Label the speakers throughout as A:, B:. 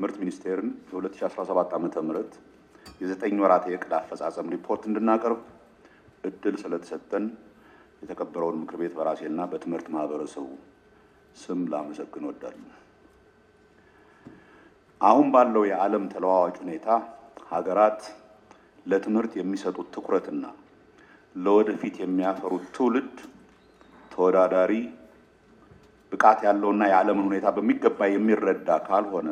A: ትምህርት ሚኒስቴርን የ2017 ዓ ም የዘጠኝ ወራት የዕቅድ አፈጻጸም ሪፖርት እንድናቀርብ እድል ስለተሰጠን የተከበረውን ምክር ቤት በራሴና በትምህርት ማህበረሰቡ ስም ላመሰግን ወዳሉ። አሁን ባለው የዓለም ተለዋዋጭ ሁኔታ ሀገራት ለትምህርት የሚሰጡት ትኩረትና ለወደፊት የሚያፈሩት ትውልድ ተወዳዳሪ ብቃት ያለውና የዓለምን ሁኔታ በሚገባ የሚረዳ ካልሆነ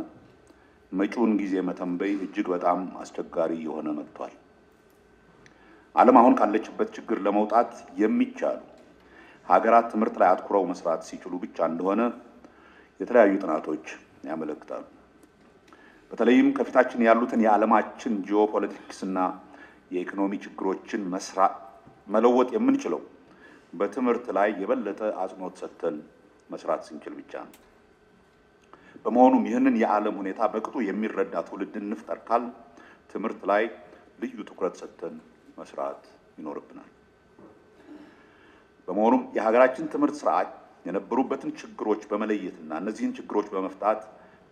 A: መጪውን ጊዜ መተንበይ እጅግ በጣም አስቸጋሪ የሆነ መጥቷል። ዓለም አሁን ካለችበት ችግር ለመውጣት የሚቻሉ ሀገራት ትምህርት ላይ አትኩረው መስራት ሲችሉ ብቻ እንደሆነ የተለያዩ ጥናቶች ያመለክታሉ። በተለይም ከፊታችን ያሉትን የዓለማችን ጂኦፖለቲክስና የኢኮኖሚ ችግሮችን መለወጥ የምንችለው በትምህርት ላይ የበለጠ አጽንኦት ሰጥተን መስራት ስንችል ብቻ ነው። በመሆኑም ይህንን የዓለም ሁኔታ በቅጡ የሚረዳ ትውልድ እንፍጠር ካል ትምህርት ላይ ልዩ ትኩረት ሰጥተን መስራት ይኖርብናል። በመሆኑም የሀገራችን ትምህርት ስርዓት የነበሩበትን ችግሮች በመለየትና እነዚህን ችግሮች በመፍታት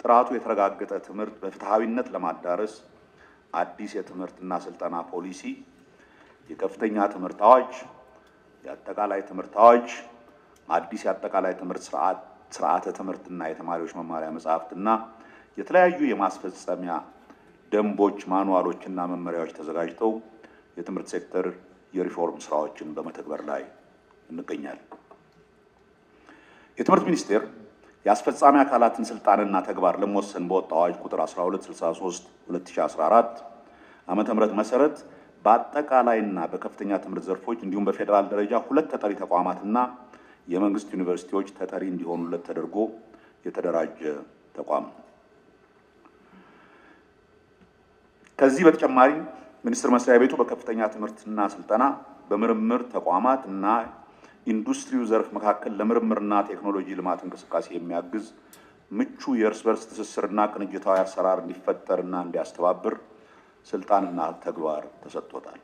A: ጥራቱ የተረጋገጠ ትምህርት በፍትሐዊነት ለማዳረስ አዲስ የትምህርትና ስልጠና ፖሊሲ፣ የከፍተኛ ትምህርት አዋጅ፣ የአጠቃላይ ትምህርት አዋጅ፣ አዲስ የአጠቃላይ ትምህርት ስርዓት ስርዓተ ትምህርትና የተማሪዎች መማሪያ መጽሐፍትና የተለያዩ የማስፈጸሚያ ደንቦች፣ ማኑዋሎችና መመሪያዎች ተዘጋጅተው የትምህርት ሴክተር የሪፎርም ስራዎችን በመተግበር ላይ እንገኛለን። የትምህርት ሚኒስቴር የአስፈጻሚ አካላትን ስልጣንና ተግባር ለመወሰን በወጣ አዋጅ ቁጥር 1263 2014 ዓመተ ምህረት መሰረት በአጠቃላይና በከፍተኛ ትምህርት ዘርፎች እንዲሁም በፌዴራል ደረጃ ሁለት ተጠሪ ተቋማትና የመንግስት ዩኒቨርሲቲዎች ተጠሪ እንዲሆኑለት ተደርጎ የተደራጀ ተቋም ነው። ከዚህ በተጨማሪ ሚኒስቴር መስሪያ ቤቱ በከፍተኛ ትምህርትና ስልጠና በምርምር ተቋማት እና ኢንዱስትሪው ዘርፍ መካከል ለምርምርና ቴክኖሎጂ ልማት እንቅስቃሴ የሚያግዝ ምቹ የእርስ በርስ ትስስርና ቅንጅታዊ አሰራር እንዲፈጠርና እንዲያስተባብር ስልጣንና ተግባር ተሰጥቶታል።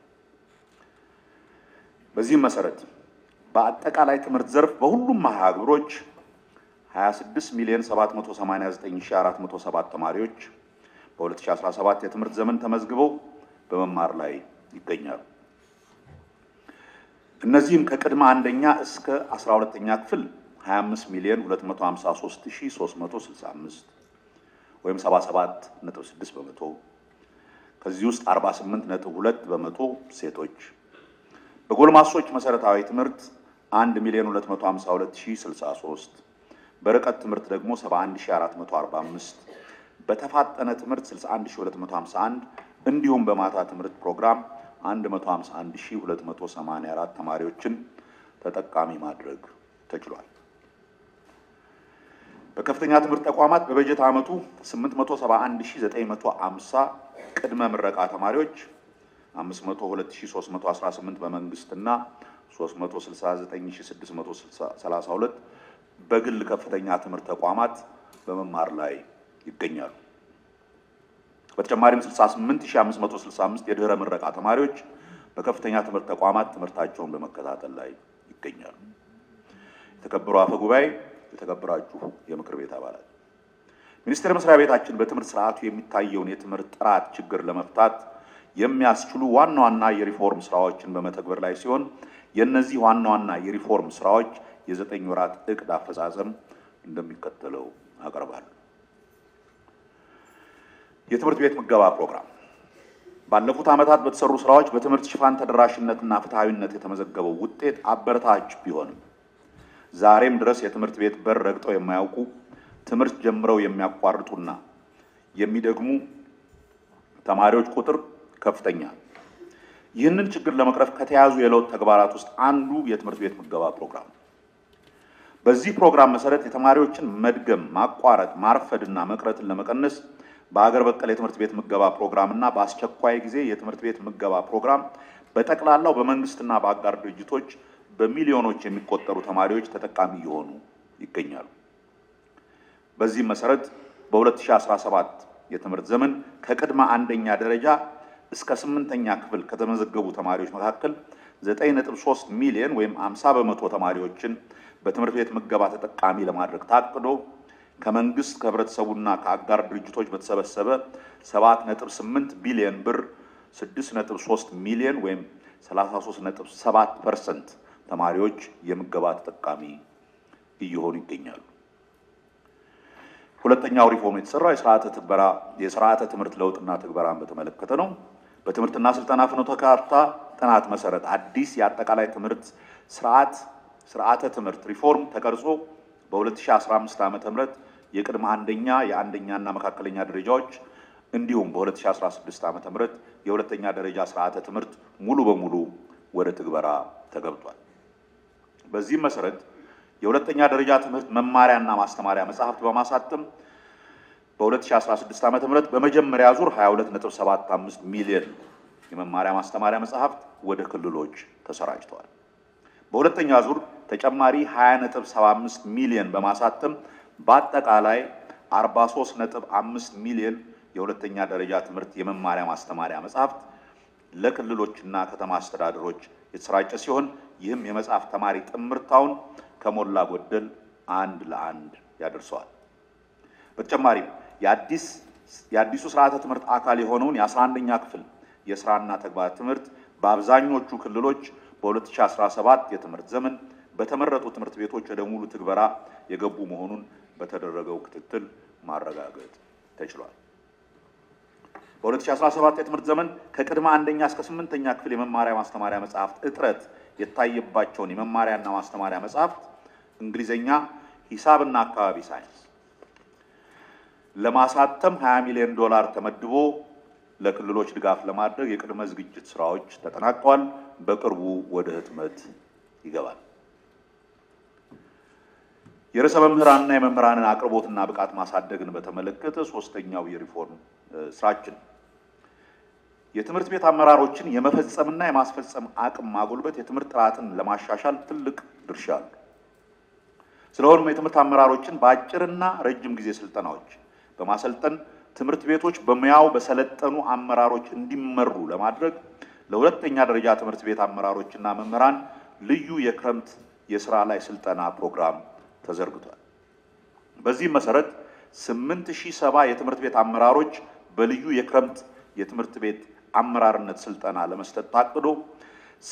A: በዚህም መሰረት በአጠቃላይ ትምህርት ዘርፍ በሁሉም ማህበሮች 26 ሚሊዮን 789407 ተማሪዎች በ2017 የትምህርት ዘመን ተመዝግበው በመማር ላይ ይገኛሉ። እነዚህም ከቅድመ አንደኛ እስከ 12ኛ ክፍል 25 ሚሊዮን 253365 ወይም 77.6 በመቶ፣ ከዚህ ውስጥ 48.2 በመቶ ሴቶች። በጎልማሶች መሰረታዊ ትምህርት 1 ሚሊዮን 252063 በርቀት ትምህርት ደግሞ 71445 በተፋጠነ ትምህርት 61251 እንዲሁም በማታ ትምህርት ፕሮግራም 151284 ተማሪዎችን ተጠቃሚ ማድረግ ተችሏል። በከፍተኛ ትምህርት ተቋማት በበጀት ዓመቱ 871950 ቅድመ ምረቃ ተማሪዎች 502318 በመንግስትና 369632 በግል ከፍተኛ ትምህርት ተቋማት በመማር ላይ ይገኛሉ። በተጨማሪም 68565 የድህረ ምረቃ ተማሪዎች በከፍተኛ ትምህርት ተቋማት ትምህርታቸውን በመከታተል ላይ ይገኛሉ። የተከበሩ አፈ ጉባኤ፣ የተከበራችሁ የምክር ቤት አባላት፣ ሚኒስቴር መስሪያ ቤታችን በትምህርት ስርዓቱ የሚታየውን የትምህርት ጥራት ችግር ለመፍታት የሚያስችሉ ዋና ዋና የሪፎርም ስራዎችን በመተግበር ላይ ሲሆን የእነዚህ ዋና ዋና የሪፎርም ስራዎች የዘጠኝ ወራት እቅድ አፈጻጸም እንደሚከተለው አቀርባለሁ። የትምህርት ቤት ምገባ ፕሮግራም ባለፉት ዓመታት በተሰሩ ስራዎች በትምህርት ሽፋን ተደራሽነትና ፍትሐዊነት የተመዘገበው ውጤት አበረታች ቢሆንም ዛሬም ድረስ የትምህርት ቤት በር ረግጠው የማያውቁ ትምህርት ጀምረው የሚያቋርጡና የሚደግሙ ተማሪዎች ቁጥር ከፍተኛ ይህንን ችግር ለመቅረፍ ከተያዙ የለውጥ ተግባራት ውስጥ አንዱ የትምህርት ቤት ምገባ ፕሮግራም ነው። በዚህ ፕሮግራም መሰረት የተማሪዎችን መድገም፣ ማቋረጥ፣ ማርፈድና መቅረትን ለመቀነስ በሀገር በቀል የትምህርት ቤት ምገባ ፕሮግራም እና በአስቸኳይ ጊዜ የትምህርት ቤት ምገባ ፕሮግራም በጠቅላላው በመንግስትና በአጋር ድርጅቶች በሚሊዮኖች የሚቆጠሩ ተማሪዎች ተጠቃሚ እየሆኑ ይገኛሉ። በዚህም መሰረት በ2017 የትምህርት ዘመን ከቅድመ አንደኛ ደረጃ እስከ ስምንተኛ ክፍል ከተመዘገቡ ተማሪዎች መካከል 9.3 ሚሊዮን ወይም 50 በመቶ ተማሪዎችን በትምህርት ቤት ምገባ ተጠቃሚ ለማድረግ ታቅዶ ከመንግስት ከህብረተሰቡና ከአጋር ድርጅቶች በተሰበሰበ 7.8 ቢሊዮን ብር 6.3 ሚሊዮን ወይም 33.7 ፐርሰንት ተማሪዎች የምገባ ተጠቃሚ እየሆኑ ይገኛሉ። ሁለተኛው ሪፎርም የተሰራው የስርዓተ ትምህርት ለውጥና ትግበራን በተመለከተ ነው። በትምህርትና ስልጠና ፍኖተ ካርታ ጥናት መሰረት አዲስ የአጠቃላይ ትምህርት ስርዓት ስርዓተ ትምህርት ሪፎርም ተቀርጾ በ2015 ዓ ም የቅድመ አንደኛ የአንደኛና መካከለኛ ደረጃዎች እንዲሁም በ2016 ዓ ም የሁለተኛ ደረጃ ስርዓተ ትምህርት ሙሉ በሙሉ ወደ ትግበራ ተገብቷል። በዚህም መሰረት የሁለተኛ ደረጃ ትምህርት መማሪያና ማስተማሪያ መጽሐፍት በማሳተም በ2016 ዓ ም በመጀመሪያ ዙር 22.75 ሚሊዮን የመማሪያ ማስተማሪያ መጽሐፍት ወደ ክልሎች ተሰራጭተዋል። በሁለተኛ ዙር ተጨማሪ 20.75 ሚሊዮን በማሳተም በአጠቃላይ 43.5 ሚሊዮን የሁለተኛ ደረጃ ትምህርት የመማሪያ ማስተማሪያ መጽሐፍት ለክልሎችና ከተማ አስተዳደሮች የተሰራጨ ሲሆን ይህም የመጽሐፍ ተማሪ ጥምርታውን ከሞላ ጎደል አንድ ለአንድ ያደርሰዋል። በተጨማሪም የአዲሱ ስርዓተ ትምህርት አካል የሆነውን የ11ኛ ክፍል የስራና ተግባር ትምህርት በአብዛኞቹ ክልሎች በ2017 የትምህርት ዘመን በተመረጡ ትምህርት ቤቶች ወደ ሙሉ ትግበራ የገቡ መሆኑን በተደረገው ክትትል ማረጋገጥ ተችሏል። በ2017 የትምህርት ዘመን ከቅድመ አንደኛ እስከ ስምንተኛ ክፍል የመማሪያ ማስተማሪያ መጽሐፍት እጥረት የታየባቸውን የመማሪያና ማስተማሪያ መጽሐፍት እንግሊዝኛ፣ ሂሳብና አካባቢ ሳይንስ ለማሳተም 20 ሚሊዮን ዶላር ተመድቦ ለክልሎች ድጋፍ ለማድረግ የቅድመ ዝግጅት ስራዎች ተጠናቀዋል። በቅርቡ ወደ ህትመት ይገባል። የርዕሰ መምህራንና የመምህራንን አቅርቦትና ብቃት ማሳደግን በተመለከተ ሶስተኛው የሪፎርም ስራችን የትምህርት ቤት አመራሮችን የመፈጸምና የማስፈጸም አቅም ማጎልበት የትምህርት ጥራትን ለማሻሻል ትልቅ ድርሻ አለው። ስለሆነም የትምህርት አመራሮችን በአጭርና ረጅም ጊዜ ስልጠናዎች በማሰልጠን ትምህርት ቤቶች በሙያው በሰለጠኑ አመራሮች እንዲመሩ ለማድረግ ለሁለተኛ ደረጃ ትምህርት ቤት አመራሮችና መምህራን ልዩ የክረምት የስራ ላይ ስልጠና ፕሮግራም ተዘርግቷል። በዚህም መሰረት ሰባ የትምህርት ቤት አመራሮች በልዩ የክረምት የትምህርት ቤት አመራርነት ስልጠና ለመስጠት ታቅዶ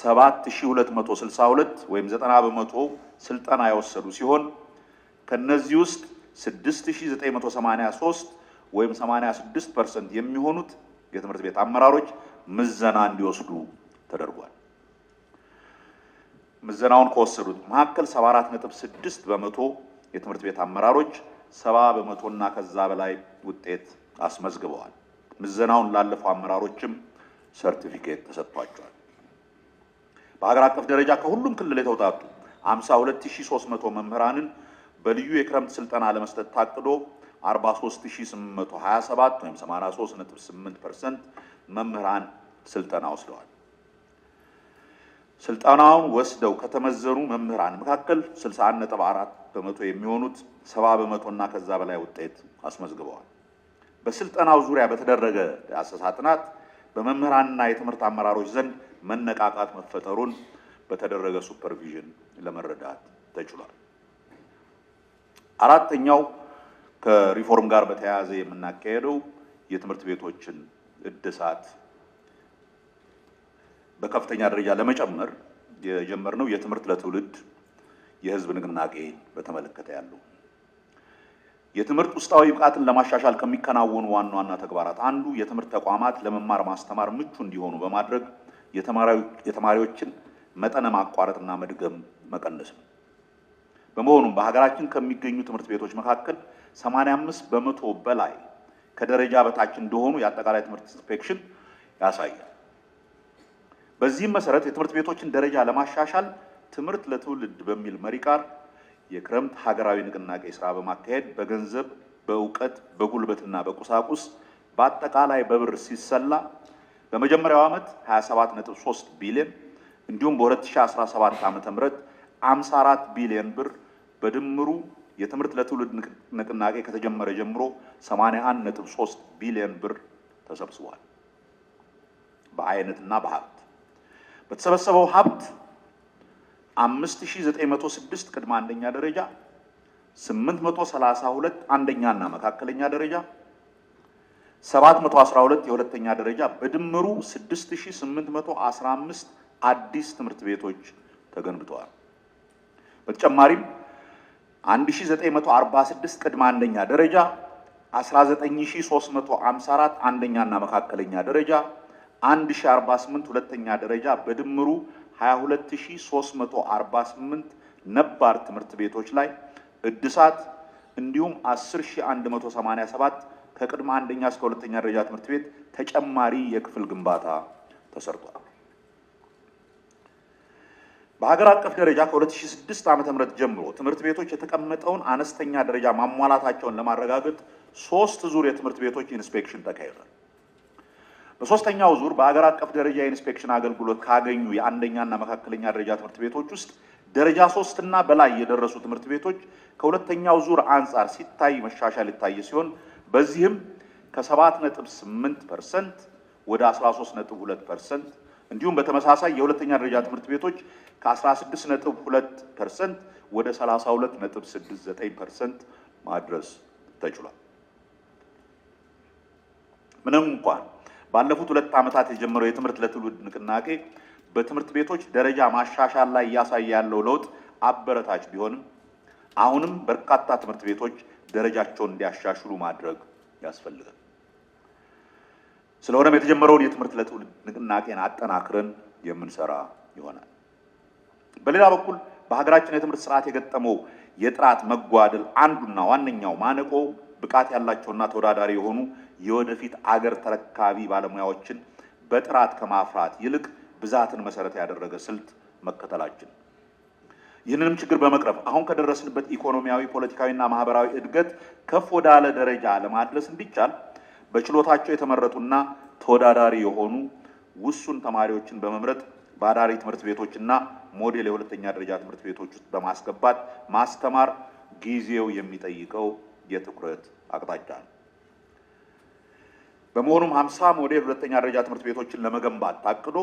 A: 7262 ወይም 90 በመቶ ስልጠና የወሰዱ ሲሆን ከነዚህ ውስጥ 6983 ወይም 86 ፐርሰንት የሚሆኑት የትምህርት ቤት አመራሮች ምዘና እንዲወስዱ ተደርጓል። ምዘናውን ከወሰዱት መካከል 74.6 በመቶ የትምህርት ቤት አመራሮች በመቶ እና ከዛ በላይ ውጤት አስመዝግበዋል። ምዘናውን ላለፉ አመራሮችም ሰርቲፊኬት ተሰጥቷቸዋል። በሀገር አቀፍ ደረጃ ከሁሉም ክልል የተውጣጡ 52300 መምህራንን በልዩ የክረምት ስልጠና ለመስጠት ታቅዶ 43827 ወይም 83.8% መምህራን ስልጠና ወስደዋል። ስልጠናውን ወስደው ከተመዘኑ መምህራን መካከል 61.4 በመቶ የሚሆኑት 70 በመቶና ከዛ በላይ ውጤት አስመዝግበዋል። በስልጠናው ዙሪያ በተደረገ ዳሰሳ ጥናት በመምህራንና የትምህርት አመራሮች ዘንድ መነቃቃት መፈጠሩን በተደረገ ሱፐርቪዥን ለመረዳት ተችሏል። አራተኛው ከሪፎርም ጋር በተያያዘ የምናካሄደው የትምህርት ቤቶችን እድሳት በከፍተኛ ደረጃ ለመጨመር የጀመርነው የትምህርት ለትውልድ የህዝብ ንቅናቄ በተመለከተ ያለው የትምህርት ውስጣዊ ብቃትን ለማሻሻል ከሚከናወኑ ዋና ዋና ተግባራት አንዱ የትምህርት ተቋማት ለመማር ማስተማር ምቹ እንዲሆኑ በማድረግ የተማሪዎችን መጠነ ማቋረጥና መድገም መቀነስ ነው። በመሆኑም በሀገራችን ከሚገኙ ትምህርት ቤቶች መካከል 85 በመቶ በላይ ከደረጃ በታች እንደሆኑ የአጠቃላይ ትምህርት ኢንስፔክሽን ያሳያል። በዚህም መሰረት የትምህርት ቤቶችን ደረጃ ለማሻሻል ትምህርት ለትውልድ በሚል መሪ ቃል የክረምት ሀገራዊ ንቅናቄ ስራ በማካሄድ በገንዘብ፣ በእውቀት፣ በጉልበትና በቁሳቁስ በአጠቃላይ በብር ሲሰላ በመጀመሪያው ዓመት 27.3 ቢሊዮን እንዲሁም በ2017 ዓ.ም 54 ቢሊዮን ብር በድምሩ የትምህርት ለትውልድ ንቅናቄ ከተጀመረ ጀምሮ 81.3 ቢሊዮን ብር ተሰብስቧል። በአይነትና በሀብት በተሰበሰበው ሀብት 5906 ቅድመ አንደኛ ደረጃ፣ 832 አንደኛ እና መካከለኛ ደረጃ፣ 712 የሁለተኛ ደረጃ በድምሩ 6815 አዲስ ትምህርት ቤቶች ተገንብተዋል። በተጨማሪም 1946 ቅድመ አንደኛ ደረጃ፣ 19354 አንደኛና መካከለኛ ደረጃ፣ 1048 ሁለተኛ ደረጃ በድምሩ 22348 ነባር ትምህርት ቤቶች ላይ እድሳት እንዲሁም 10187 ከቅድመ አንደኛ እስከ ሁለተኛ ደረጃ ትምህርት ቤት ተጨማሪ የክፍል ግንባታ ተሰርቷል። በሀገር አቀፍ ደረጃ ከ2006 ም ጀምሮ ትምህርት ቤቶች የተቀመጠውን አነስተኛ ደረጃ ማሟላታቸውን ለማረጋገጥ ሶስት ዙር የትምህርት ቤቶች ኢንስፔክሽን ተካሂዷል። በሶስተኛው ዙር በሀገር አቀፍ ደረጃ የኢንስፔክሽን አገልግሎት ካገኙ የአንደኛና መካከለኛ ደረጃ ትምህርት ቤቶች ውስጥ ደረጃ ሶስት እና በላይ የደረሱ ትምህርት ቤቶች ከሁለተኛው ዙር አንጻር ሲታይ መሻሻል ይታይ ሲሆን በዚህም ከ7.8 ፐርሰንት ወደ 13.2 ፐርሰንት እንዲሁም በተመሳሳይ የሁለተኛ ደረጃ ትምህርት ቤቶች ከ16.2 ፐርሰንት ወደ 32.69 ፐርሰንት ማድረስ ተችሏል። ምንም እንኳን ባለፉት ሁለት ዓመታት የጀመረው የትምህርት ለትውልድ ንቅናቄ በትምህርት ቤቶች ደረጃ ማሻሻል ላይ እያሳየ ያለው ለውጥ አበረታች ቢሆንም አሁንም በርካታ ትምህርት ቤቶች ደረጃቸውን እንዲያሻሽሉ ማድረግ ያስፈልጋል። ስለሆነም የተጀመረውን የትምህርት ለትውልድ ንቅናቄን አጠናክረን የምንሰራ ይሆናል። በሌላ በኩል በሀገራችን የትምህርት ስርዓት የገጠመው የጥራት መጓደል አንዱና ዋነኛው ማነቆ ብቃት ያላቸውና ተወዳዳሪ የሆኑ የወደፊት አገር ተረካቢ ባለሙያዎችን በጥራት ከማፍራት ይልቅ ብዛትን መሰረት ያደረገ ስልት መከተላችን። ይህንንም ችግር በመቅረፍ አሁን ከደረስንበት ኢኮኖሚያዊ፣ ፖለቲካዊና ማህበራዊ እድገት ከፍ ወዳለ ደረጃ ለማድረስ እንዲቻል በችሎታቸው የተመረጡና ተወዳዳሪ የሆኑ ውሱን ተማሪዎችን በመምረጥ በአዳሪ ትምህርት ቤቶችና ሞዴል የሁለተኛ ደረጃ ትምህርት ቤቶች ውስጥ በማስገባት ማስተማር ጊዜው የሚጠይቀው የትኩረት አቅጣጫ ነው። በመሆኑም ሀምሳ ሞዴል ሁለተኛ ደረጃ ትምህርት ቤቶችን ለመገንባት ታቅዶ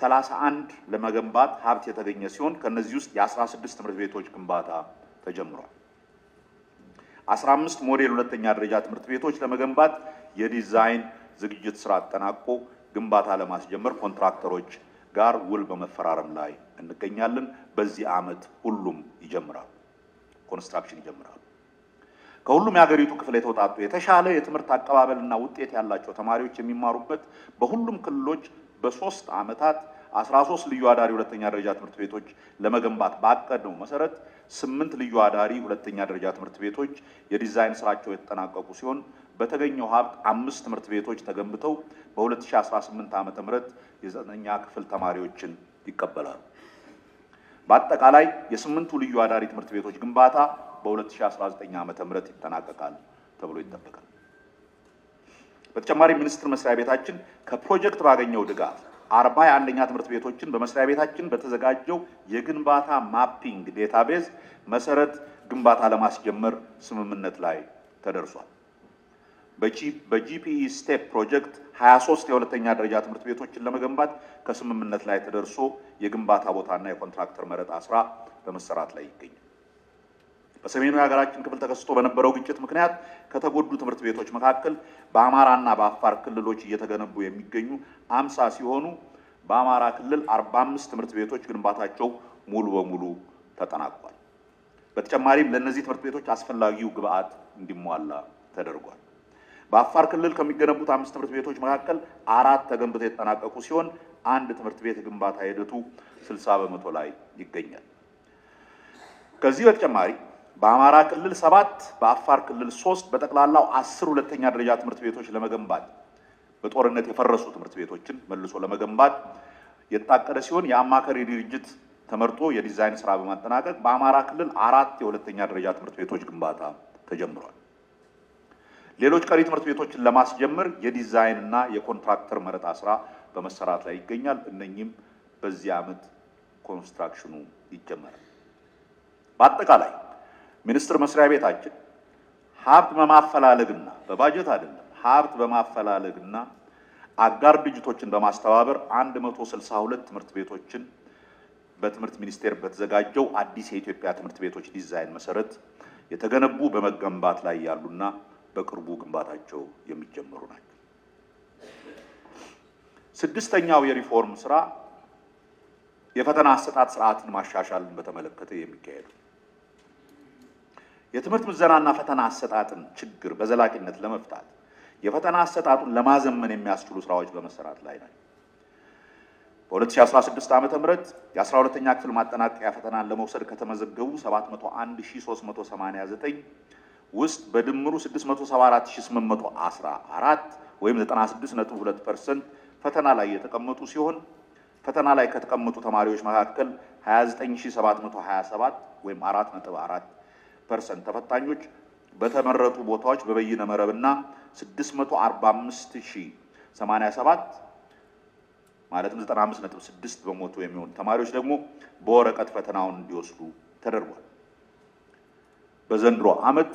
A: ሰላሳ አንድ ለመገንባት ሀብት የተገኘ ሲሆን ከእነዚህ ውስጥ የአስራ ስድስት ትምህርት ቤቶች ግንባታ ተጀምሯል። 15 ሞዴል ሁለተኛ ደረጃ ትምህርት ቤቶች ለመገንባት የዲዛይን ዝግጅት ስራ አጠናቆ ግንባታ ለማስጀመር ኮንትራክተሮች ጋር ውል በመፈራረም ላይ እንገኛለን። በዚህ ዓመት ሁሉም ይጀምራሉ፣ ኮንስትራክሽን ይጀምራሉ። ከሁሉም የሀገሪቱ ክፍል የተውጣጡ የተሻለ የትምህርት አቀባበልና ውጤት ያላቸው ተማሪዎች የሚማሩበት በሁሉም ክልሎች በሶስት ዓመታት 13 ልዩ አዳሪ ሁለተኛ ደረጃ ትምህርት ቤቶች ለመገንባት ባቀድነው መሰረት ስምንት ልዩ አዳሪ ሁለተኛ ደረጃ ትምህርት ቤቶች የዲዛይን ስራቸው የተጠናቀቁ ሲሆን በተገኘው ሀብት አምስት ትምህርት ቤቶች ተገንብተው በ2018 ዓ ም የዘጠነኛ ክፍል ተማሪዎችን ይቀበላሉ። በአጠቃላይ የስምንቱ ልዩ አዳሪ ትምህርት ቤቶች ግንባታ በ2019 ዓ ም ይጠናቀቃል ተብሎ ይጠበቃል። በተጨማሪ ሚኒስቴር መስሪያ ቤታችን ከፕሮጀክት ባገኘው ድጋፍ አርባ የአንደኛ ትምህርት ቤቶችን በመስሪያ ቤታችን በተዘጋጀው የግንባታ ማፒንግ ዴታቤዝ መሰረት ግንባታ ለማስጀመር ስምምነት ላይ ተደርሷል። በጂፒኢ ስቴፕ ፕሮጀክት 23 የሁለተኛ ደረጃ ትምህርት ቤቶችን ለመገንባት ከስምምነት ላይ ተደርሶ የግንባታ ቦታና የኮንትራክተር መረጣ ስራ በመሰራት ላይ ይገኛል። በሰሜኑ የሀገራችን ክፍል ተከስቶ በነበረው ግጭት ምክንያት ከተጎዱ ትምህርት ቤቶች መካከል በአማራና በአፋር ክልሎች እየተገነቡ የሚገኙ አምሳ ሲሆኑ በአማራ ክልል አርባ አምስት ትምህርት ቤቶች ግንባታቸው ሙሉ በሙሉ ተጠናቋል። በተጨማሪም ለእነዚህ ትምህርት ቤቶች አስፈላጊው ግብዓት እንዲሟላ ተደርጓል። በአፋር ክልል ከሚገነቡት አምስት ትምህርት ቤቶች መካከል አራት ተገንብተው የተጠናቀቁ ሲሆን አንድ ትምህርት ቤት ግንባታ ሂደቱ 60 በመቶ ላይ ይገኛል። ከዚህ በተጨማሪ በአማራ ክልል ሰባት በአፋር ክልል ሶስት በጠቅላላው አስር ሁለተኛ ደረጃ ትምህርት ቤቶች ለመገንባት በጦርነት የፈረሱ ትምህርት ቤቶችን መልሶ ለመገንባት የታቀደ ሲሆን የአማካሪ ድርጅት ተመርጦ የዲዛይን ስራ በማጠናቀቅ በአማራ ክልል አራት የሁለተኛ ደረጃ ትምህርት ቤቶች ግንባታ ተጀምሯል። ሌሎች ቀሪ ትምህርት ቤቶችን ለማስጀመር የዲዛይን እና የኮንትራክተር መረጣ ስራ በመሰራት ላይ ይገኛል። እነኚህም በዚህ ዓመት ኮንስትራክሽኑ ይጀመራል። በአጠቃላይ ሚኒስቴር መስሪያ ቤታችን ሀብት በማፈላለግና በባጀት አይደለም፣ ሀብት በማፈላለግና አጋር ድርጅቶችን በማስተባበር 162 ትምህርት ቤቶችን በትምህርት ሚኒስቴር በተዘጋጀው አዲስ የኢትዮጵያ ትምህርት ቤቶች ዲዛይን መሰረት የተገነቡ በመገንባት ላይ ያሉና በቅርቡ ግንባታቸው የሚጀመሩ ናቸው። ስድስተኛው የሪፎርም ስራ የፈተና አሰጣጥ ስርዓትን ማሻሻልን በተመለከተ የሚካሄዱ የትምህርት ምዘናና ፈተና አሰጣጥን ችግር በዘላቂነት ለመፍታት የፈተና አሰጣጡን ለማዘመን የሚያስችሉ ስራዎች በመሰራት ላይ ነው። በ2016 ዓ ም የ12ኛ ክፍል ማጠናቀቂያ ፈተናን ለመውሰድ ከተመዘገቡ 701389 ውስጥ በድምሩ 674814 ወይም 96.2 ፐርሰንት ፈተና ላይ የተቀመጡ ሲሆን ፈተና ላይ ከተቀመጡ ተማሪዎች መካከል 29727 ወይም 4.4 ፐርሰንት ተፈታኞች በተመረጡ ቦታዎች በበይነ መረብና 645087 ማለትም 95.6 በመቶ የሚሆኑ ተማሪዎች ደግሞ በወረቀት ፈተናውን እንዲወስዱ ተደርጓል። በዘንድሮ ዓመት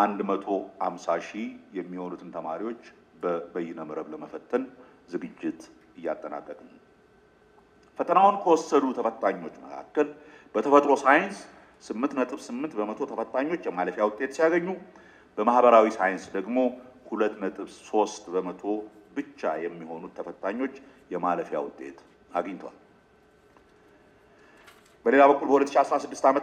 A: 150 ሺህ የሚሆኑትን ተማሪዎች በበይነ መረብ ለመፈተን ዝግጅት እያጠናቀቅን ነው። ፈተናውን ከወሰዱ ተፈታኞች መካከል በተፈጥሮ ሳይንስ ስምንት ነጥብ ስምንት በመቶ ተፈታኞች የማለፊያ ውጤት ሲያገኙ በማህበራዊ ሳይንስ ደግሞ ሁለት ነጥብ ሶስት በመቶ ብቻ የሚሆኑት ተፈታኞች የማለፊያ ውጤት አግኝቷል። በሌላ በኩል በ2016 ዓ ም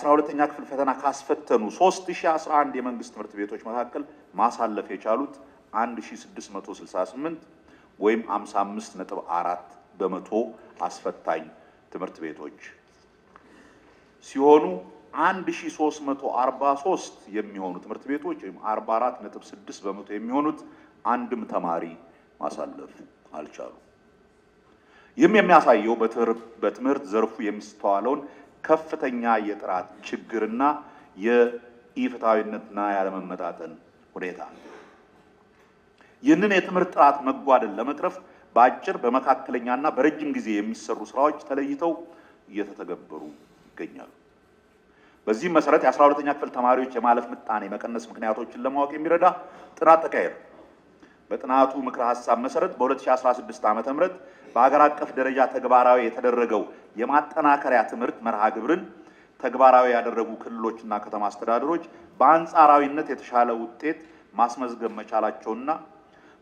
A: 12ኛ ክፍል ፈተና ካስፈተኑ 3011 የመንግስት ትምህርት ቤቶች መካከል ማሳለፍ የቻሉት 1668 ወይም 55.4 በመቶ አስፈታኝ ትምህርት ቤቶች ሲሆኑ 1343 የሚሆኑ ትምህርት ቤቶች ወይም 44.6 በመቶ የሚሆኑት አንድም ተማሪ ማሳለፍ አልቻሉም። ይህም የሚያሳየው በትምህርት ዘርፉ የሚስተዋለውን ከፍተኛ የጥራት ችግርና የኢፍትሐዊነትና ያለመመጣጠን ሁኔታ ነው። ይህንን የትምህርት ጥራት መጓደል ለመቅረፍ በአጭር በመካከለኛና በረጅም ጊዜ የሚሰሩ ስራዎች ተለይተው እየተተገበሩ ይገኛሉ። በዚህም መሰረት የአስራ ሁለተኛ ክፍል ተማሪዎች የማለፍ ምጣኔ መቀነስ ምክንያቶችን ለማወቅ የሚረዳ ጥናት ተካሄደ። በጥናቱ ምክረ ሀሳብ መሰረት በ2016 ዓ ም በሀገር አቀፍ ደረጃ ተግባራዊ የተደረገው የማጠናከሪያ ትምህርት መርሃ ግብርን ተግባራዊ ያደረጉ ክልሎችና ከተማ አስተዳደሮች በአንጻራዊነት የተሻለ ውጤት ማስመዝገብ መቻላቸውና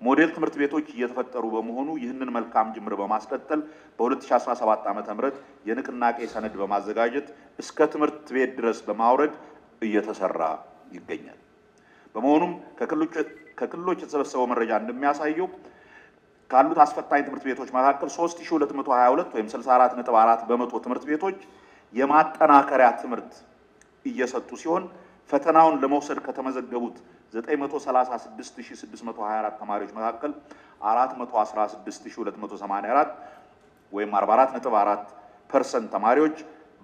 A: ሞዴል ትምህርት ቤቶች እየተፈጠሩ በመሆኑ ይህንን መልካም ጅምር በማስቀጠል በ2017 ዓ ም የንቅናቄ ሰነድ በማዘጋጀት እስከ ትምህርት ቤት ድረስ በማውረድ እየተሰራ ይገኛል። በመሆኑም ከክልሎች የተሰበሰበው መረጃ እንደሚያሳየው ካሉት አስፈታኝ ትምህርት ቤቶች መካከል 3222 ወይም 64.4 በመቶ ትምህርት ቤቶች የማጠናከሪያ ትምህርት እየሰጡ ሲሆን ፈተናውን ለመውሰድ ከተመዘገቡት 936,624 ተማሪዎች መካከል 416,284 ወይም 44.4 ፐርሰንት ተማሪዎች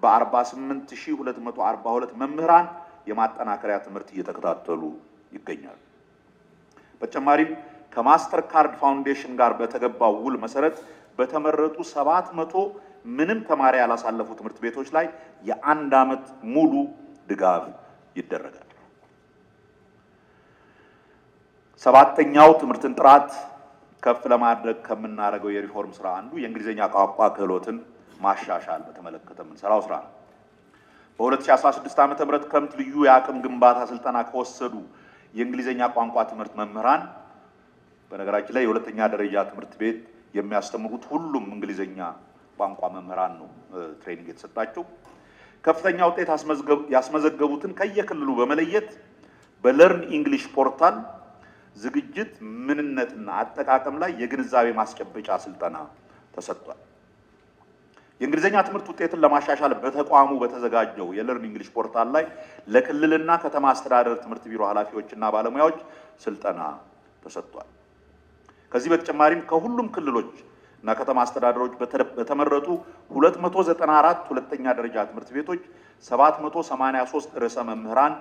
A: በ48,242 መምህራን የማጠናከሪያ ትምህርት እየተከታተሉ ይገኛሉ። በተጨማሪም ከማስተር ካርድ ፋውንዴሽን ጋር በተገባው ውል መሰረት በተመረጡ 700 ምንም ተማሪ ያላሳለፉ ትምህርት ቤቶች ላይ የአንድ ዓመት ሙሉ ድጋፍ ይደረጋል። ሰባተኛው ትምህርትን ጥራት ከፍ ለማድረግ ከምናደርገው የሪፎርም ስራ አንዱ የእንግሊዝኛ ቋንቋ ክህሎትን ማሻሻል በተመለከተ የምንሰራው ስራ ነው። በ2016 ዓ.ም ክረምት ልዩ የአቅም ግንባታ ስልጠና ከወሰዱ የእንግሊዝኛ ቋንቋ ትምህርት መምህራን በነገራችን ላይ የሁለተኛ ደረጃ ትምህርት ቤት የሚያስተምሩት ሁሉም እንግሊዝኛ ቋንቋ መምህራን ነው ትሬኒንግ የተሰጣቸው። ከፍተኛ ውጤት ያስመዘገቡትን ከየክልሉ በመለየት በለርን ኢንግሊሽ ፖርታል ዝግጅት ምንነትና አጠቃቀም ላይ የግንዛቤ ማስጨበጫ ስልጠና ተሰጥቷል። የእንግሊዝኛ ትምህርት ውጤትን ለማሻሻል በተቋሙ በተዘጋጀው የለርን እንግሊሽ ፖርታል ላይ ለክልልና ከተማ አስተዳደር ትምህርት ቢሮ ኃላፊዎችና ባለሙያዎች ስልጠና ተሰጥቷል። ከዚህ በተጨማሪም ከሁሉም ክልሎች እና ከተማ አስተዳደሮች በተመረጡ 294 ሁለተኛ ደረጃ ትምህርት ቤቶች 783 ርዕሰ መምህራን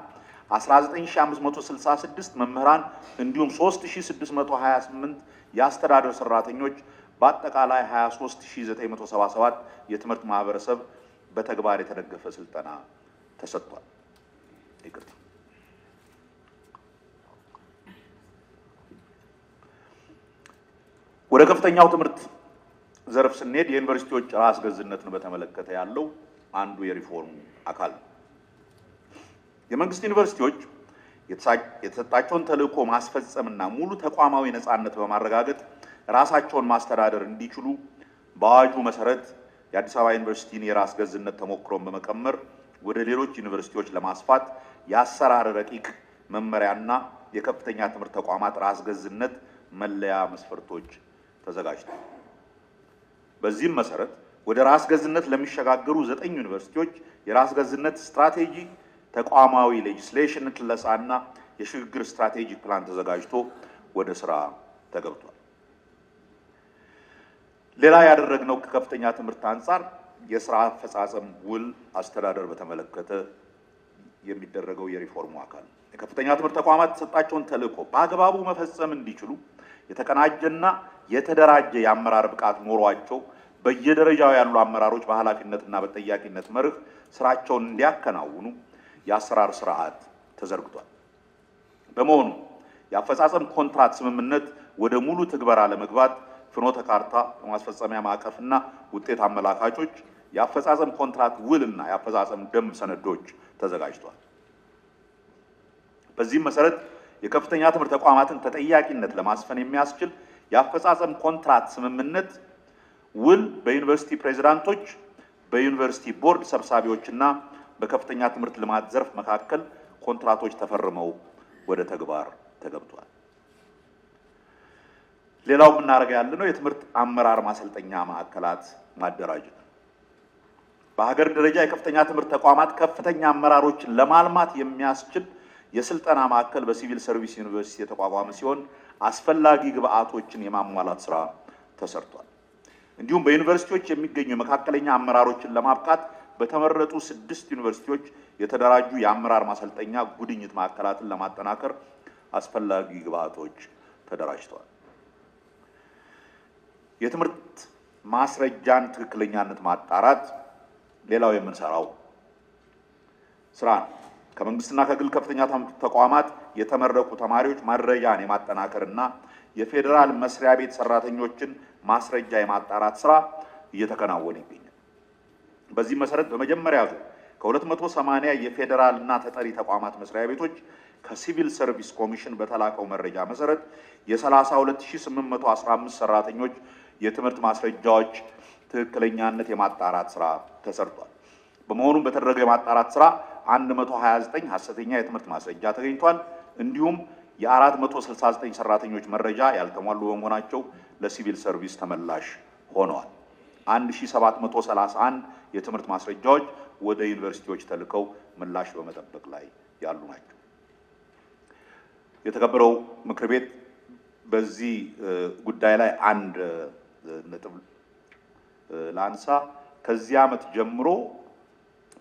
A: 19566 መምህራን እንዲሁም 3628 የአስተዳደር ሰራተኞች በአጠቃላይ 23977 የትምህርት ማህበረሰብ በተግባር የተደገፈ ስልጠና ተሰጥቷል። ይቅርታ ወደ ከፍተኛው ትምህርት ዘርፍ ስንሄድ የዩኒቨርሲቲዎች ራስ ገዝነትን በተመለከተ ያለው አንዱ የሪፎርም አካል ነው። የመንግስት ዩኒቨርሲቲዎች የተሰጣቸውን ተልእኮ ማስፈጸምና ሙሉ ተቋማዊ ነፃነት በማረጋገጥ ራሳቸውን ማስተዳደር እንዲችሉ በአዋጁ መሰረት የአዲስ አበባ ዩኒቨርሲቲን የራስ ገዝነት ተሞክሮን በመቀመር ወደ ሌሎች ዩኒቨርሲቲዎች ለማስፋት የአሰራር ረቂቅ መመሪያና የከፍተኛ ትምህርት ተቋማት ራስ ገዝነት መለያ መስፈርቶች ተዘጋጅተዋል። በዚህም መሰረት ወደ ራስ ገዝነት ለሚሸጋገሩ ዘጠኝ ዩኒቨርሲቲዎች የራስ ገዝነት ስትራቴጂ ተቋማዊ ሌጅስሌሽን ክለሳና የሽግግር ስትራቴጂክ ፕላን ተዘጋጅቶ ወደ ስራ ተገብቷል። ሌላ ያደረግነው ከከፍተኛ ትምህርት አንጻር የስራ አፈጻጸም ውል አስተዳደር በተመለከተ የሚደረገው የሪፎርሙ አካል የከፍተኛ ትምህርት ተቋማት የተሰጣቸውን ተልዕኮ በአግባቡ መፈጸም እንዲችሉ የተቀናጀና የተደራጀ የአመራር ብቃት ኖሯቸው በየደረጃው ያሉ አመራሮች በኃላፊነትና በጠያቂነት መርህ ስራቸውን እንዲያከናውኑ የአሰራር ስርዓት ተዘርግቷል። በመሆኑ የአፈጻጸም ኮንትራት ስምምነት ወደ ሙሉ ትግበራ ለመግባት ፍኖተ ካርታ፣ የማስፈጸሚያ ማዕቀፍና ውጤት አመላካቾች፣ የአፈጻጸም ኮንትራት ውልና የአፈጻጸም ደንብ ሰነዶች ተዘጋጅቷል። በዚህም መሰረት የከፍተኛ ትምህርት ተቋማትን ተጠያቂነት ለማስፈን የሚያስችል የአፈጻጸም ኮንትራት ስምምነት ውል በዩኒቨርሲቲ ፕሬዚዳንቶች፣ በዩኒቨርሲቲ ቦርድ ሰብሳቢዎችና በከፍተኛ ትምህርት ልማት ዘርፍ መካከል ኮንትራቶች ተፈርመው ወደ ተግባር ተገብቷል። ሌላው የምናደርገው ነው የትምህርት አመራር ማሰልጠኛ ማዕከላት ማደራጀት ነው። በሀገር ደረጃ የከፍተኛ ትምህርት ተቋማት ከፍተኛ አመራሮችን ለማልማት የሚያስችል የስልጠና ማዕከል በሲቪል ሰርቪስ ዩኒቨርሲቲ የተቋቋመ ሲሆን አስፈላጊ ግብዓቶችን የማሟላት ስራ ተሰርቷል። እንዲሁም በዩኒቨርሲቲዎች የሚገኙ የመካከለኛ አመራሮችን ለማብቃት በተመረጡ ስድስት ዩኒቨርሲቲዎች የተደራጁ የአመራር ማሰልጠኛ ጉድኝት ማዕከላትን ለማጠናከር አስፈላጊ ግብዓቶች ተደራጅተዋል። የትምህርት ማስረጃን ትክክለኛነት ማጣራት ሌላው የምንሰራው ስራ ነው። ከመንግስትና ከግል ከፍተኛ ተቋማት የተመረቁ ተማሪዎች መረጃን የማጠናከርና የፌዴራል መስሪያ ቤት ሰራተኞችን ማስረጃ የማጣራት ስራ እየተከናወነ ይገኛል። በዚህ መሰረት በመጀመሪያ ዙር ከ280 የፌዴራል እና ተጠሪ ተቋማት መስሪያ ቤቶች ከሲቪል ሰርቪስ ኮሚሽን በተላከው መረጃ መሰረት የ32815 ሰራተኞች የትምህርት ማስረጃዎች ትክክለኛነት የማጣራት ስራ ተሰርቷል። በመሆኑም በተደረገው የማጣራት ስራ 129 ሀሰተኛ የትምህርት ማስረጃ ተገኝቷል። እንዲሁም የ469 ሰራተኞች መረጃ ያልተሟሉ በመሆናቸው ለሲቪል ሰርቪስ ተመላሽ ሆነዋል። 1731 የትምህርት ማስረጃዎች ወደ ዩኒቨርሲቲዎች ተልከው ምላሽ በመጠበቅ ላይ ያሉ ናቸው። የተከበረው ምክር ቤት በዚህ ጉዳይ ላይ አንድ ነጥብ ላንሳ። ከዚህ ዓመት ጀምሮ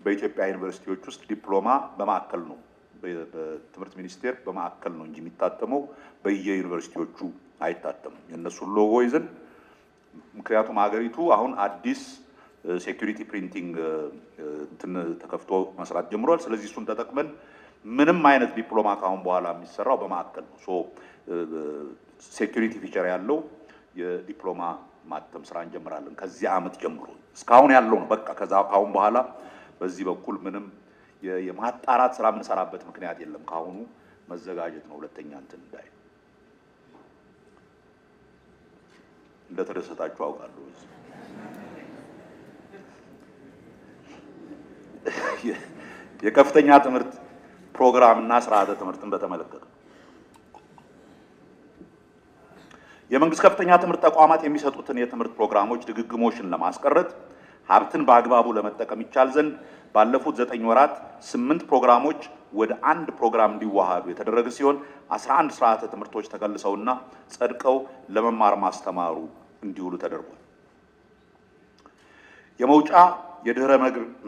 A: በኢትዮጵያ ዩኒቨርሲቲዎች ውስጥ ዲፕሎማ በማዕከል ነው በትምህርት ሚኒስቴር በማዕከል ነው እንጂ የሚታተመው በየዩኒቨርሲቲዎቹ አይታተምም። የእነሱን ሎጎ ይዘን ምክንያቱም ሀገሪቱ አሁን አዲስ ሴኩሪቲ ፕሪንቲንግ እንትን ተከፍቶ መስራት ጀምሯል። ስለዚህ እሱን ተጠቅመን ምንም አይነት ዲፕሎማ ካሁን በኋላ የሚሰራው በማዕከል ነው። ሶ ሴኩሪቲ ፊቸር ያለው የዲፕሎማ ማተም ስራ እንጀምራለን ከዚህ አመት ጀምሮ እስካሁን ያለው ነው። በቃ ከዛ ካሁን በኋላ በዚህ በኩል ምንም የማጣራት ስራ የምንሰራበት ምክንያት የለም። ካሁኑ መዘጋጀት ነው። ሁለተኛ እንትን እንዳይ እንደተደሰታችሁ አውቃለሁ። የከፍተኛ ትምህርት ፕሮግራምና ስርዓተ ትምህርትን በተመለከተ የመንግስት ከፍተኛ ትምህርት ተቋማት የሚሰጡትን የትምህርት ፕሮግራሞች ድግግሞሽን ለማስቀረት ሀብትን በአግባቡ ለመጠቀም ይቻል ዘንድ ባለፉት ዘጠኝ ወራት ስምንት ፕሮግራሞች ወደ አንድ ፕሮግራም እንዲዋሃዱ የተደረገ ሲሆን 11 ስርዓተ ትምህርቶች ተከልሰውና ጸድቀው ለመማር ማስተማሩ እንዲውሉ ተደርጓል። የመውጫ የድህረ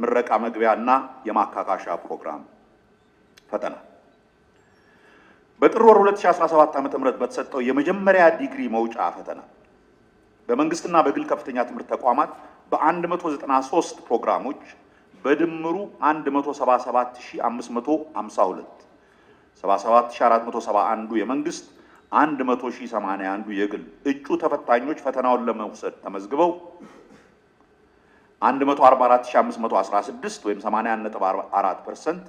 A: ምረቃ መግቢያ እና የማካካሻ ፕሮግራም ፈተና በጥር ወር 2017 ዓ.ም በተሰጠው የመጀመሪያ ዲግሪ መውጫ ፈተና በመንግስትና በግል ከፍተኛ ትምህርት ተቋማት በ193 ፕሮግራሞች በድምሩ 177552 77471ዱ የመንግስት 1081 ዱ የግል እጩ ተፈታኞች ፈተናውን ለመውሰድ ተመዝግበው 144516 ወይም 81.4%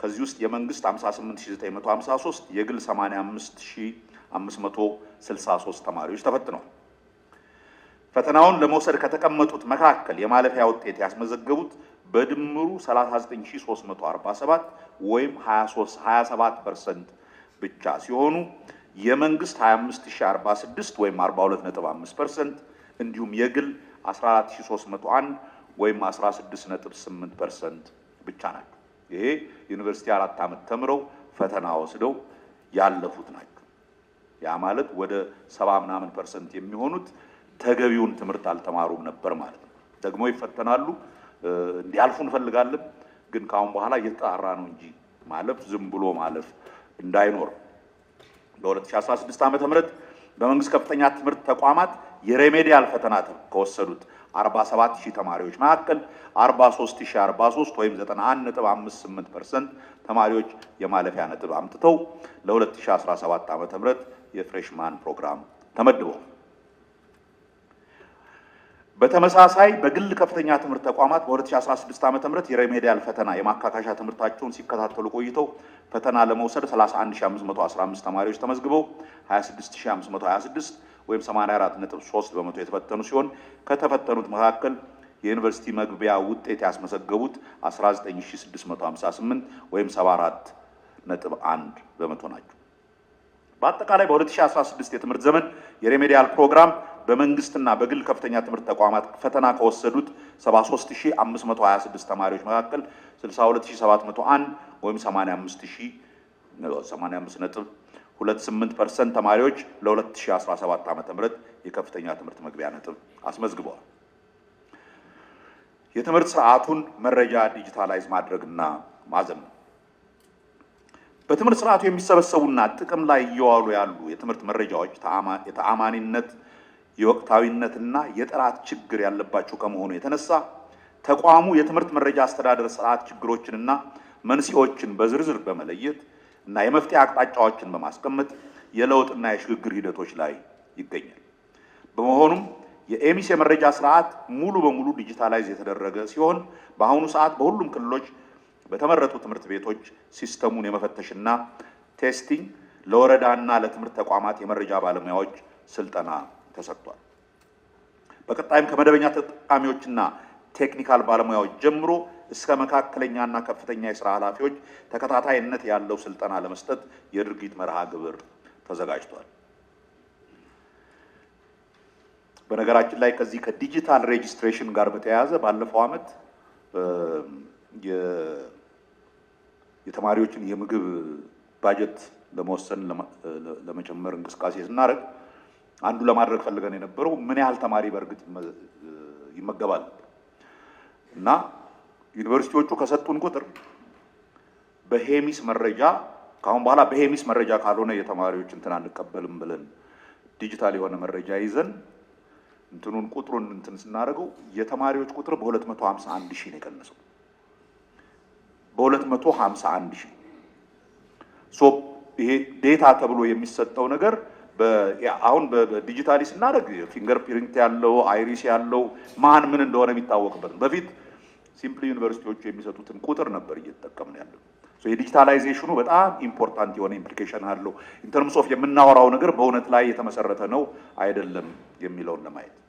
A: ከዚህ ውስጥ የመንግስት 58953 የግል 85563 ተማሪዎች ተፈትነዋል። ፈተናውን ለመውሰድ ከተቀመጡት መካከል የማለፊያ ውጤት ያስመዘገቡት በድምሩ 39347 ወይም 27 ፐርሰንት ብቻ ሲሆኑ የመንግስት 25046 ወይም 42.5 ፐርሰንት እንዲሁም የግል 14301 ወይም 16.8 ፐርሰንት ብቻ ናቸው። ይሄ ዩኒቨርሲቲ አራት ዓመት ተምረው ፈተና ወስደው ያለፉት ናቸው። ያ ማለት ወደ ሰባ ምናምን ፐርሰንት የሚሆኑት ተገቢውን ትምህርት አልተማሩም ነበር ማለት ነው። ደግሞ ይፈተናሉ። እንዲያልፉ እንፈልጋለን። ግን ከአሁን በኋላ እየተጣራ ነው እንጂ ማለፍ ዝም ብሎ ማለፍ እንዳይኖር በ2016 ዓ ም በመንግስት ከፍተኛ ትምህርት ተቋማት የሬሜዲያል ፈተና ከወሰዱት 47 ሺህ ተማሪዎች መካከል 43043 ወይም 91.58 ፐርሰንት ተማሪዎች የማለፊያ ነጥብ አምጥተው ለ2017 ዓ ም የፍሬሽማን ፕሮግራም ተመድበው በተመሳሳይ በግል ከፍተኛ ትምህርት ተቋማት በ2016 ዓ ም ፈተና የማካካሻ ትምህርታቸውን ሲከታተሉ ቆይተው ፈተና ለመውሰድ 31515 ተማሪዎች ተመዝግበው 26526 ወይም 84.3 በመቶ የተፈተኑ ሲሆን ከተፈተኑት መካከል የዩኒቨርሲቲ መግቢያ ውጤት ያስመዘገቡት 19658 ወይም 74.1 በመቶ ናቸው። በአጠቃላይ በ2016 የትምህርት ዘመን የሬሜዲያል ፕሮግራም በመንግስትና በግል ከፍተኛ ትምህርት ተቋማት ፈተና ከወሰዱት 73526 ተማሪዎች መካከል 62701 ወይም 85.28% ተማሪዎች ለ2017 ዓ.ም የከፍተኛ ትምህርት መግቢያ ነጥብ አስመዝግበዋል። የትምህርት ስርዓቱን መረጃ ዲጂታላይዝ ማድረግና ማዘመን በትምህርት ስርዓቱ የሚሰበሰቡና ጥቅም ላይ እየዋሉ ያሉ የትምህርት መረጃዎች የተአማኒነት የወቅታዊነትና የጥራት ችግር ያለባቸው ከመሆኑ የተነሳ ተቋሙ የትምህርት መረጃ አስተዳደር ስርዓት ችግሮችንና መንስኤዎችን በዝርዝር በመለየት እና የመፍትሄ አቅጣጫዎችን በማስቀመጥ የለውጥና የሽግግር ሂደቶች ላይ ይገኛል። በመሆኑም የኤሚስ የመረጃ ስርዓት ሙሉ በሙሉ ዲጂታላይዝ የተደረገ ሲሆን በአሁኑ ሰዓት በሁሉም ክልሎች በተመረጡ ትምህርት ቤቶች ሲስተሙን የመፈተሽና ቴስቲንግ ለወረዳና ለትምህርት ተቋማት የመረጃ ባለሙያዎች ስልጠና ተሰጥቷል። በቀጣይም ከመደበኛ ተጠቃሚዎችና ቴክኒካል ባለሙያዎች ጀምሮ እስከ መካከለኛና ከፍተኛ የስራ ኃላፊዎች ተከታታይነት ያለው ስልጠና ለመስጠት የድርጊት መርሃ ግብር ተዘጋጅቷል። በነገራችን ላይ ከዚህ ከዲጂታል ሬጂስትሬሽን ጋር በተያያዘ ባለፈው ዓመት የተማሪዎችን የምግብ ባጀት ለመወሰን ለመጨመር እንቅስቃሴ ስናደርግ አንዱ ለማድረግ ፈልገን የነበረው ምን ያህል ተማሪ በእርግጥ ይመገባል እና ዩኒቨርሲቲዎቹ ከሰጡን ቁጥር በሄሚስ መረጃ ከአሁን በኋላ በሄሚስ መረጃ ካልሆነ የተማሪዎች እንትን አንቀበልም ብለን ዲጂታል የሆነ መረጃ ይዘን እንትኑን ቁጥሩን እንትን ስናደርገው የተማሪዎች ቁጥር በ251 ሺህ ነው የቀነሰው። በ251 ሺህ ይሄ ዴታ ተብሎ የሚሰጠው ነገር አሁን በዲጂታሊ ስናደርግ ፊንገር ፕሪንት ያለው አይሪስ ያለው ማን ምን እንደሆነ የሚታወቅበት በፊት ሲምፕሊ ዩኒቨርሲቲዎቹ የሚሰጡትን ቁጥር ነበር እየተጠቀምን ያለው። የዲጂታላይዜሽኑ በጣም ኢምፖርታንት የሆነ ኢምፕሊኬሽን አለው ኢንተርምስ ኦፍ የምናወራው ነገር በእውነት ላይ የተመሰረተ ነው አይደለም የሚለውን ለማየት